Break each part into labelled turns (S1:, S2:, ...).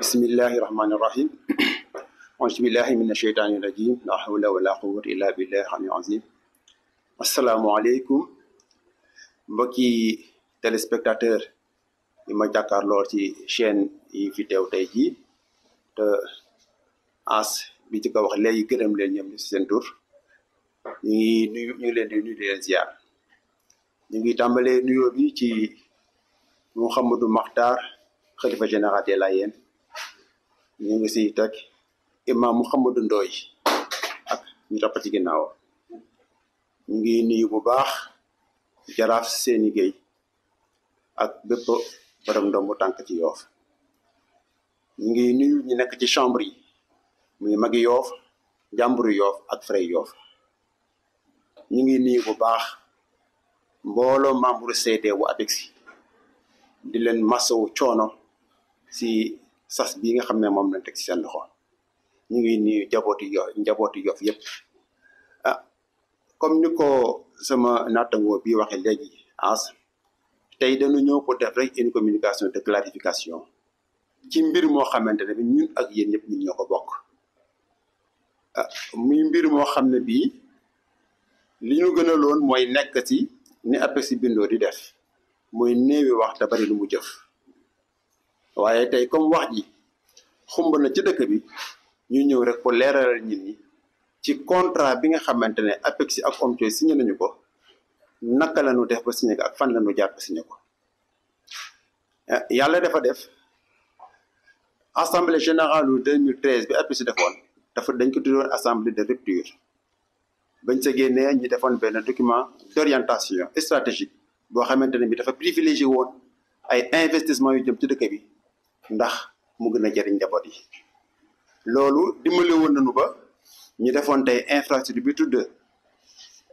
S1: bismillahi rahmaani rahim auzu billahi min asheytaani rajim la hawla wala quwwata illa billahi aliyul azim asalaamualeykum mbokki téléspectateur yi ma jàkkaarloo ci chaîne yi fi teew te jii te as bi ci ka wax léegi gërëm leen ñoom ci seen tur ñu ngi nuyu ñu ngi leen di nuyu di leen ziar ñu ngi tàmbalee nuyoo bi ci Mouhamadou Makhtar xalifa général des Layènes ñu ngi siy teg imam Mouhamadou Ndoye ak ñu topp ci ginnaaw ñu ngi nuyu bu baax jaraaf seeni géey ak bépp borom bu tànk ci yoof ñu ngi nuyu ñu nekk ci chambre yi muy magi yoof jàmburu yoof ak fray yoof ñu ngi nuyu bu baax mbooloo membre CD wu APEXI di leen masawu coono si sas bii nga xam ne moom na teg ci seen loxo ñu ngi nuyu njabooti yo njabooti yof ah, comme ni ko sama nattangoo bi waxee léegi as tey dañu ñëw pour def rek une communication de clarification ci mbir moo xamante ne bi ñun ak yéen ñëpp ñun ñoo ko bokk ah mbir moo xam ne bii li ñu gën a loon mooy nekk ci ni APEX bindoo di def mooy néewi wax te bari lu mu jëf waaye tey comme wax ji xumb na ci dëkk bi ñu ñëw rek ko leeralal nit ñi ci contrat bi nga xamante ne APEX ak OMTHIOY signé nañu ko naka la ñu def ba signé ko ak fan la ñu jàpp signé ko eh, yàlla dafa def assemblée générale yu 2013 bi APEX defoon dafa dañ ko tuddoon assemblée de rupture bañ sa génnee ñi defoon benn document d'orientation stratégique boo xamante ne bi dafa privilégié woon ay investissement yu jëm ci dëkk bi ndax mu gën a jëriñ njaboot yi loolu dimbale woon nañu ba ñu defoon tey infrastructure bi tudd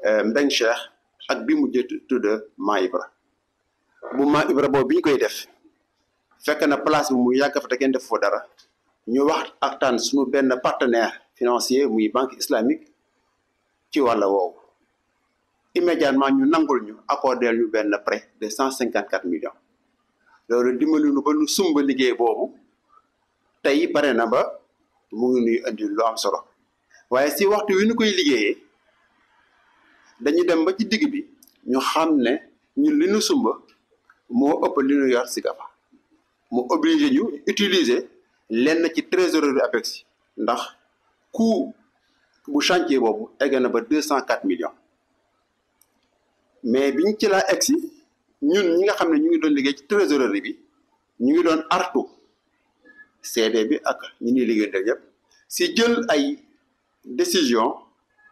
S1: euh, Mbeng Cheikh ak bi mujj tudd Maa Ibra bu Maa Ibra boobu bi koy def fekk na place bi mu yàgg fa te kenn def foo dara ñu wax ak suñu benn partenaire financier muy banque islamique ci wàll woowu immédiatement ñu nangul ñu accordeel ñu benn prêt de cent cinquante quatre millions loolu dimbali nu ba nu sumba liggéey boobu tey pare na ba mu ngi nuy indi lu am solo waaye si waxtu wi nu koy liggéeyee dañu dem ba ci digg bi ñu xam ne ñun li nu sumba moo ëpp li nu yor si gafa mu obligé ñu utiliser lenn ci trésorerie APEX ndax ku bu chantier boobu egg na ba deux cent quatre million mais biñ ci laa egsi ñun ñi nga xam ne ñu ngi doon liggéey ci trésorerie bi ñu ngi doon artu CD bi ak ñu ni liggéey def yëpp si jël ay décision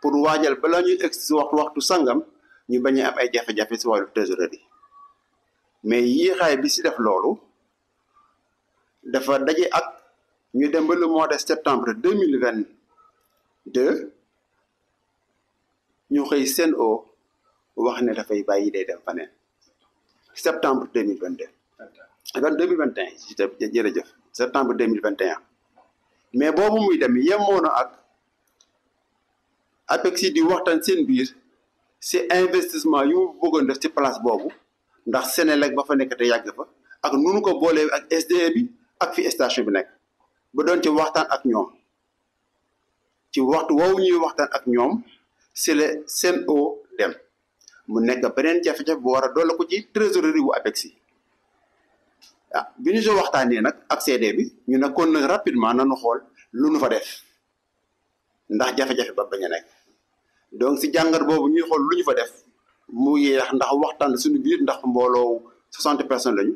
S1: pour waajal balaa ñuy egg si waxtu waxtu sangam ñu bañ am ay jafe-jafe si wàllu bi mais yéexaay bi si def loolu dafa daje ak ñu dem ba le mois de septembre deux mille vingt deux ñu xëy seen o wax ne dafay bàyyi day dem faneen septembre deux mille vingt et un. deux mille vingt et un jërëjëf septembre deux mille vingt mais boobu muy dem yemoon na ak APEX yi di waxtaan seen biir si investissement yu mu bëggoon def ci place boobu ndax Senelec ba fa nekk te yàgg fa ak nu ko boolee ak SDE bi ak fi station bi nekk ba doon ci waxtaan ak ñoom ci waxtu woowu ñuy waxtaan ak ñoom si le Sen'Eau dem. mu nekk beneen jafe-jafe bu war a dolli ko ci trésorerie wu APEX yi ah bi ñu soo waxtaanee nag ak CD bi ñu ne kon nag rapidement nañu xool lu nu fa def ndax jafe-jafe ba bañ nekk donc si jàngat boobu ñuy xool lu ñu fa def mu yeex ndax waxtaan suñu biir ndax mbooloo soixante personne lañu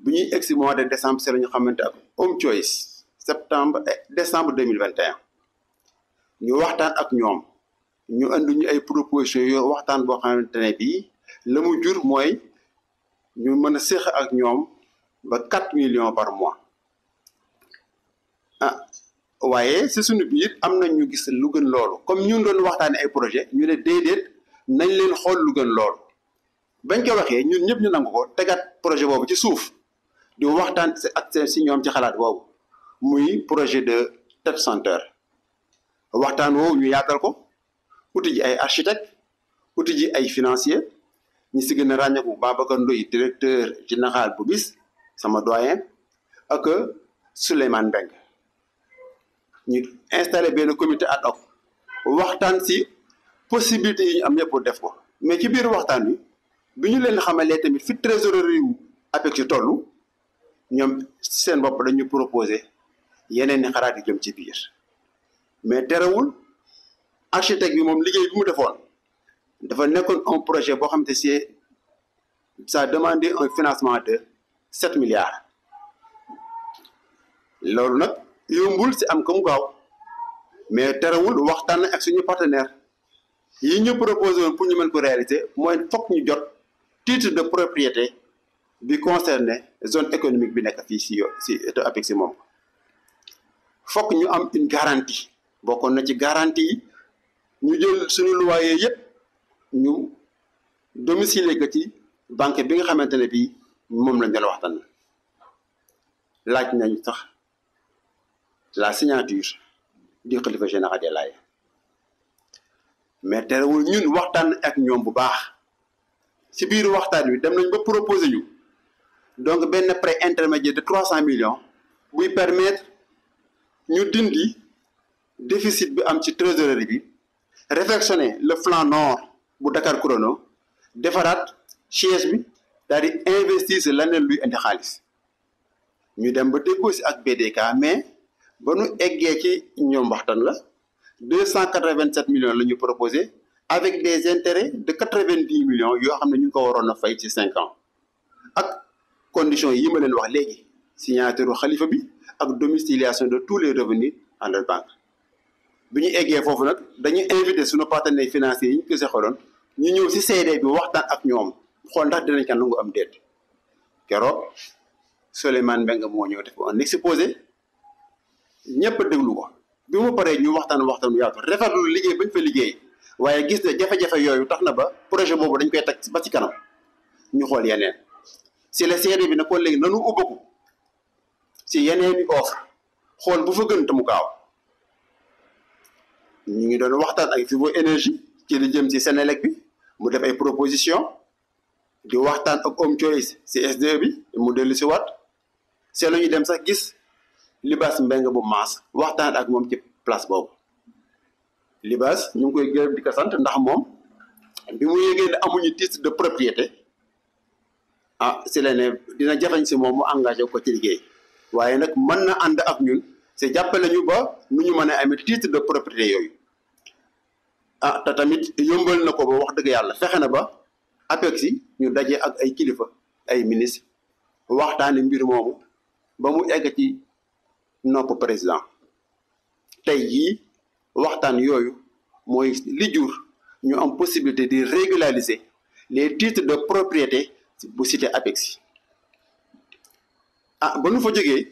S1: bu ñuy egsi mois de décembre c'est la ñu xamante ak Home Choice septembre décembre deux mille vingt et un ñu waxtaan ak ñoom. ñu andi ñu ay propositions yoo waxtaan boo xamante ne bii la mu jur mooy ñu mën a séq ak ñoom ba quatre millions par mois ah waaye si suñu biir am na ñu gis lu gën loolu comme ñun doon waxtaanee ay projet ñu ne déedéet nañ leen xool lu gën loolu bañ ko waxee ñu ñëpp ñu nangu ko tegaat projet boobu ci suuf di waxtaan ak si ñoom ci xalaat boobu muy projet de tête centre waxtaan woowu ñu yaatal ko. uti ji ay architecte uti ji ay financier ñi si gën a ràññeeku Babacar Ndoye directeur général bu bis sama doyen ak Souleymane Mbengue ñu installé benn comité ad hoc waxtaan si possibilité yi ñu am yëpp def ko mais ci biir waxtaan wi bi ñu leen xamalee tamit fi trésorerie wu APEX ci toll ñoom seen bopp dañu proposé yeneen ni xalaat jëm ci biir mais terewul architecte bi moom liggéey bi mu defoon dafa nekkoon un projet boo xam te si ça a demandé un financement de sept milliards loolu nag yombul si am comme gaaw mais terewul waxtaan ak suñu partenaire yi ñu proposé pour ñu mën ko réaliser mooy fokk ñu jot titre de propriété bi concerné zone économique bi nekk fii si yo si si moom fokk ñu am une garantie bokkoon na ci garantie yi ñu jël suñu loyer yëpp ñu domicilier ka ci banque bi nga xamante ne bii moom lañ doon waxtaan laaj nañ sax la signature du xalifa général des Layènes mais terewul ñun waxtaan ak ñoom bu baax ci biir waxtaan wi dem nañ ba proposer ñu donc benn prêt intermédier de trois cent millions buy permettre ñu dindi déficit bi am ci trésorerie bi réfectionner le flanc nord bu Dakar Chrono defaraat chaise bi daal di investir si leneen luy indi xaalis ñu dem ba déggoo si ak BDK mais ba nu eggee ci ñoom waxtaan la deux cent quatre-vingt-sept millions la ñu proposé avec des intérêts de quatre-vingt-dix millions yoo xam ne ñu ngi ko waroon a fay ci cinq ans ak conditions yi ma leen wax léegi signature xalifa bi ak domiciliation de tous les revenus en leur banque bi ñu eggee foofu nag dañu invité suñu partenaires financiers yi ñu ko seqaloon ñu ñëw si seede bi waxtaan ak ñoom xool ndax dinañ ko nangu am déet keroog Souleymane Mbengue moo ñëw def un exposé ñëpp déglu ko bi mu paree ñu waxtaan waxtaan yaatu rafetlu liggéey bañ fa liggéey waaye gis na jafe-jafe yooyu tax na ba projet boobu dañ koy teg ba ci kanam ñu xool yeneen si la seede bi nag ko léegi nanu ubbaku si yeneen i offre xool bu fa gën te mu gaaw. ñu ngi doon waxtaan ak Vivo énergie ci li jëm ci Senelec bi mu def ay proposition di waxtaan ak om Choice ci SDE bi mu dellu si waat seetlu ñu dem sax gis Libaas Mbengue bu maas waxtaan ak moom ci place boobu Libaas ñu ngi koy gërëm di ko sant ndax moom bi mu yëgee ne amuñu titre de propriété ah si la ne dina jafeñ si moom mu engagé ko ci liggéey waaye nag mën na ànd ak ñun te jàppale ñu ba nu ñu mën a amee titre de propriété yooyu ah te tamit yombal na ko ba wax dëgg yàlla fexe na ba APEX ñu daje ak ay kilifa ay ministre waxtaane mbir moomu ba mu egg ci nopp président tey jii waxtaan yooyu mooy li jur ñu am possibilité di régulariser les titres de propriété bu cité APEX yi ah, ba nu fa jógee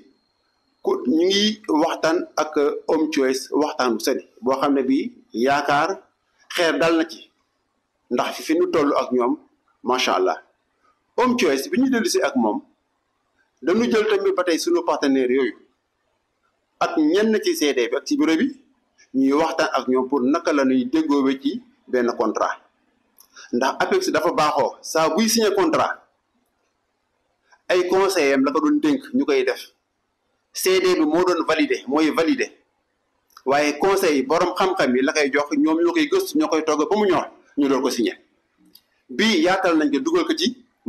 S1: ku ñu ngi waxtaan ak Home Choice waxtaan bu sëni boo xam ne bii yaakaar xeer dal na ci ndax fi fi ñu toll ak ñoom macha allah Home Choice bi ñu dellu si ak moom dañu jël tamit ba tey sunu partenaires yooyu ak ñenn ci CD bi ak ci bureau bi ñuy waxtaan ak ñoom pour naka la ñuy bi ci benn contrat ndax APEX dafa baaxoo saa buy signé contrat ay conseillers am doon dénk ñu koy def. CD bi moo doon validé mooy validé waaye conseil borom xam-xam yi la kay jox ñoom ñoo koy gëstu ñoo koy togg ba mu ñor ñu doon ko siñe bii yaatal nañ ko dugal ko ci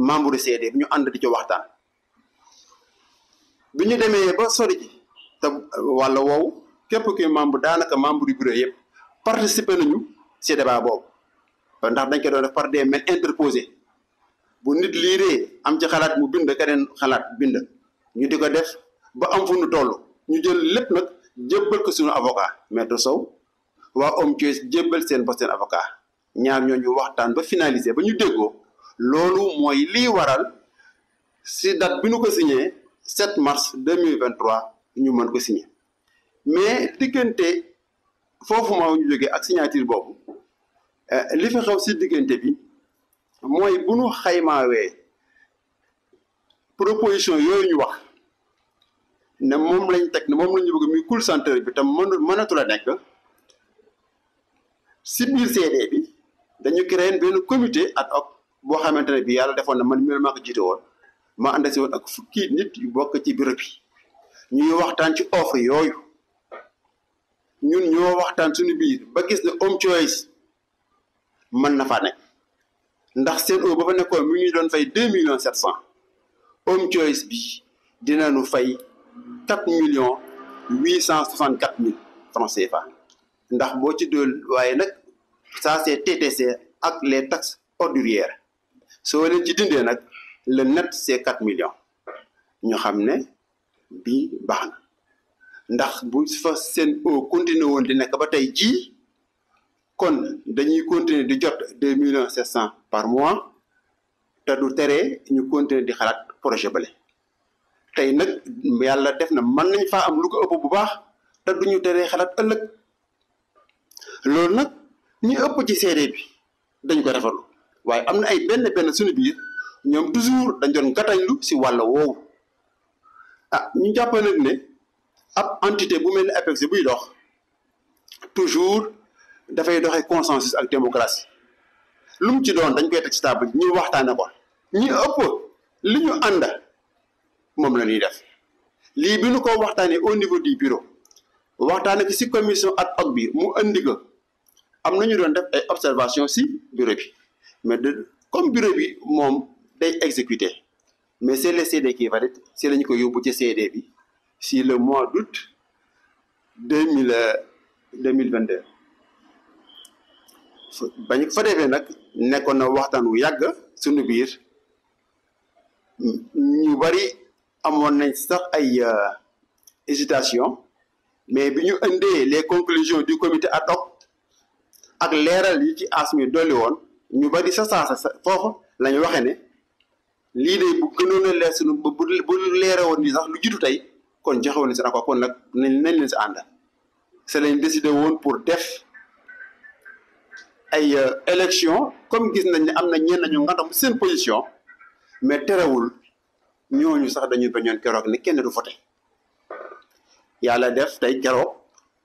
S1: membre CD bi ñu ànd di ci waxtaan. bi ñu demee ba sori ji te wàlla woowu képp kuy membre daanaka membre yu bureau yëpp participer nañu ci débat boobu ndax dañ ko doon def par des mails interposés bu nit liiree am ci xalaat mu bind keneen xalaat bind ñu di ko def. ba am fu nu toll ñu jël lépp nag jébbal ko suñu avocat maître Sow waa om Thiès jébbal seen ba seen avocat ñaar ñoo ñu waxtaan ba finaliser ba ñu déggoo loolu mooy li waral si date bi ñu ko signé 7 mars 2023 ñu mën ko signé mais diggante foofu ma ñu jógee ak signature boobu eh, li fi xew si diggante bi mooy bu ñu xaymaawee proposition yooyu ñu wax ne moom lañ teg ne moom lañu bëgg muy call center bi tam mënul mënatu la nekk si biir CD bi dañu créé benn comité ak hoc boo xamante ne bi yàlla defoon na man mii maa ko jiite woon ma ànd si woon ak fukki nit yu bokk ci béréb yi waxtaan ci offre yooyu ñun ñoo waxtaan suñu biir ba gis ne home choice mën na faa nekk ndax seen eau ba fa nekkoon mi ngi doon fay deux millions sept cent home choice bi nu fay quatre millions huit cent soixante quatre mille francs CFA ndax boo ci dool waaye nag ça c'est TTC ak les taxes ordurières soo leen ci dindee nag le net c'est quatre millions ñu xam ne bi baax na ndax bu fa seen eau continué woon di nekk ba tey jii kon dañuy continuer di jot deux millions sept cent par mois te du tere ñu continuer di xalaat projet bale tey nag yàlla def na man nañ faa am lu ko ëpp bu baax te du ñu teree xalaat ëllëg loolu nag ñu ëpp ci seede bi dañ ko rafetlu waaye am na ay benn benn suñu biir ñoom toujours dañ doon gàttañlu si wàll woowu ah ñu jàpp nag ne ab entité bu mel ni APEX buy dox toujours dafay doxe consensus ak démocratie lu mu ci doon dañ koy teg ci table ñuy waxtaane ko ñu ëpp li ñu ànd moom la ñuy def lii bi nu ko waxtaanee au niveau du bureau waxtaan ko si commission ad hoc bi mu indi ko am na ñu doon def ay observation si bureau bi mais de comme bureau bi moom day exécuter mais c'est le CD qui valide si la ñu yóbbu ci CD bi si le mois d'août deux mille deux mille vingt deux ba fa defee nag nekkoon na waxtaan wu yàgg suñu biir ñu bari amoon nañ sax ay euh, hésitation mais bi ñu indee les conclusions du comité ad hoc ak leeral yi ci as mi dolli woon ñu bari sa saasa sa foofu la ñu ne lii de bu gënoon leer sunu bu bu leere woon yi sax lu jiitu tey kon joxe woon si na ko kon nag nañ nañ leen si ànd c'est lañ décidé woon pour def ay euh, élection comme gis nañ ne am na ñenn ñu nga xam seen position mais terewul. ñooñu sax dañu bañoon keroog ne kenn du voté yàlla def tey keroog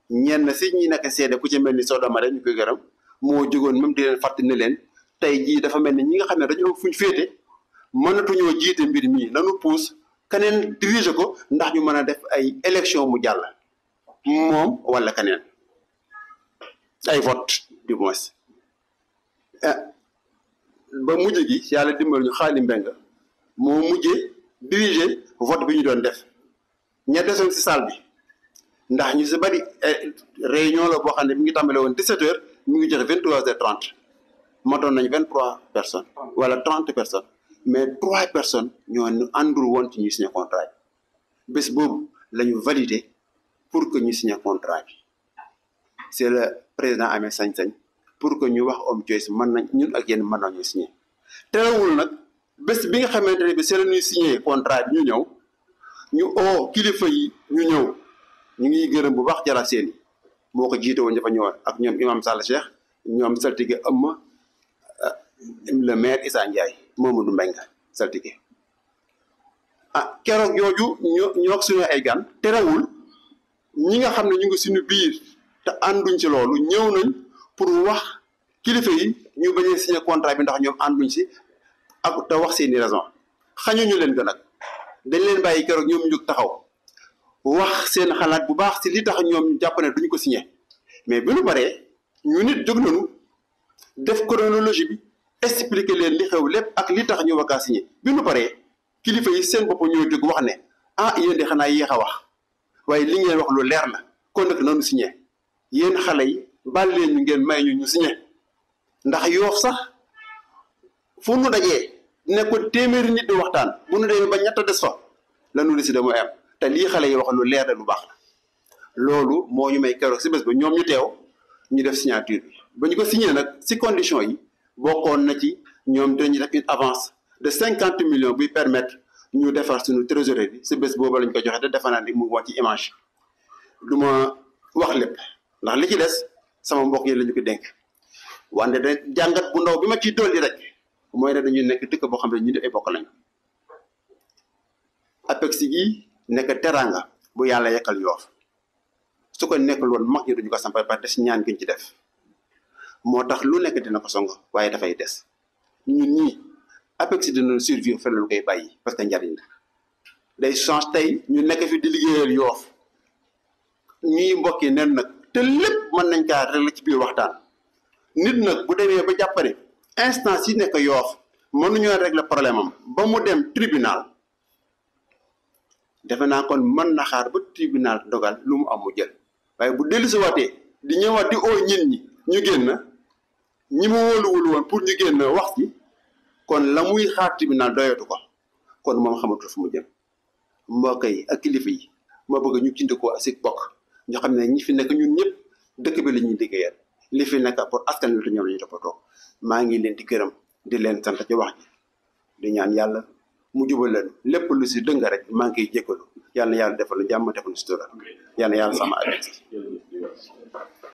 S1: ñenn si ñi nekk seede ku ci mel ni Sodoma rek ñu koy gërëm moo jógoon même di leen fàttali ne leen tey jii dafa mel ni ñi nga xam ne dañu am fuñ féete mënatuñoo jiite mbir mii nanu puus keneen dirige ko ndax ñu mën a def ay élection mu jàll moom walla keneen ay fot du moins eh, ba mujj gi yàlla dimbal ñu xaali mbeng moo mujjee diriger vote bi ñu doon def ña desoon ci salle bi ndax ñu ci bari eh, réunion la boo xam ne mu ngi tàmbale woon 17h mu ngi joxe 23h30 matoon nañ 23 personnes wala 30 personnes mais 3 personnes ñoo nu àndul woon ci ñu signé contrat bi bés boobu la ñu validé pour que ñu signé contrat bi c'est le président amee sañ-sañ pour que ñu wax homme choice mën nañ ñun ak yéen mën nañu signé terewul nag. bés bi nga xamante ne bi c'est la ñuy signé contrat bi ñu ñëw ñu oo kilifa yi ñu ñëw ñu ngi gërëm bu baax jara seen yi moo ko jiite woon dafa ñëwaat ak ñoom imam Sall Cheikh ñoom saltige ëmma euh, le maire Issa Ndiaye Mamadou Mbengue saltige ah keroog yooju ñu ñoo suñu ay gan terewul ñi nga xam ne ñu ngi suñu biir te ànduñ si loolu ñëw nañ pour wax kilifa yi ñu bañ a signé contrat bi ndax ñoom ànduñ si ak te wax seeni raison xañuñu leen ko nag dañ leen bàyyi keroog ñoom ñu taxaw wax seen xalaat bu baax ci li tax ñoom jàpp ne duñ ko signé mais bi ñu paree ñu nit jóg nañu def chronologie bi expliqué leen li xew lépp ak li tax ñu wakkaa signé bi ñu paree kilifa yi seen bopp ñoo jóg wax ne ah yéen de xanaa yéex a wax waaye li ngeen wax lu leer na kon nag nanu siñe yéen xale yi bal leen ñu ngeen may ñu ñu signé ndax yoof sax fu nu dajee nekkoon téeméeri nit di waxtaan bu nu demee ba ñett des fa la nu décidé mooy am te lii xale yi wax lu leer la lu baax la loolu moo ñu may keroog si bés ba ñoom ñu teew ñu def signature ba ñu ko signé nag si condition yi bokkoon na ci ñoom dinañu def une avance de cinquante millions buy permettre ñu defar suñu trésorerie bi si bés boobu lañ ko joxe te defe naa ni mu ci image du ma wax lépp ndax li ci des sama mbokk yi la ñu ko dénk wante da jàngat bu ndaw bi ma ciy dolli rek mooy ne dañuy nekk dëkk boo xam ne ñu di ay bokk lañ apex gi nekk teraanga bu yàlla yekkal yoof su ko nekkul woon mag ñi duñu ko sampal ba des ñaan giñ ci def moo tax lu nekk dina ko song waaye dafay des ñun ñii apex dinañ survivre feneen lu koy bàyyi parce que njariñ la day change tey ñu nekk fi di liggéeyal yoof ñuy mbokk yi nen nag te lépp mën nañ kaa régler ci biir waxtaan nit nag bu demee ba jàppare instance yi nekk yoof mënuñoo régler problème am ba mu dem tribunal defe naa kon mën na xaar ba tribunal dogal lu mu am mu jël waaye bu dellusiwaatee di ñëwaat di oo ñin ñi ñu génn ñi mu wóoluwul woon pour ñu génn wax ci kon la muy xaar tribunal doyatu ko kon moom xamatul fu mu jëm mbokk yi ak kilifa yi moo bëgg ñu cindikoo asik bokk ñu xam ne ñi fi nekk ñun ñëpp dëkk bi la ñuy liggéeyal li fi nekk pour askan wi te ñoom la ñu toppatoo maa ngi leen di gërëm di leen sant ci wax ji di ñaan yàlla mu jubal leen lépp lu si dëng rek maa ngi koy jégalu yàlla na yàlla defal na jàmm defal na sutura yàlla na yàlla sama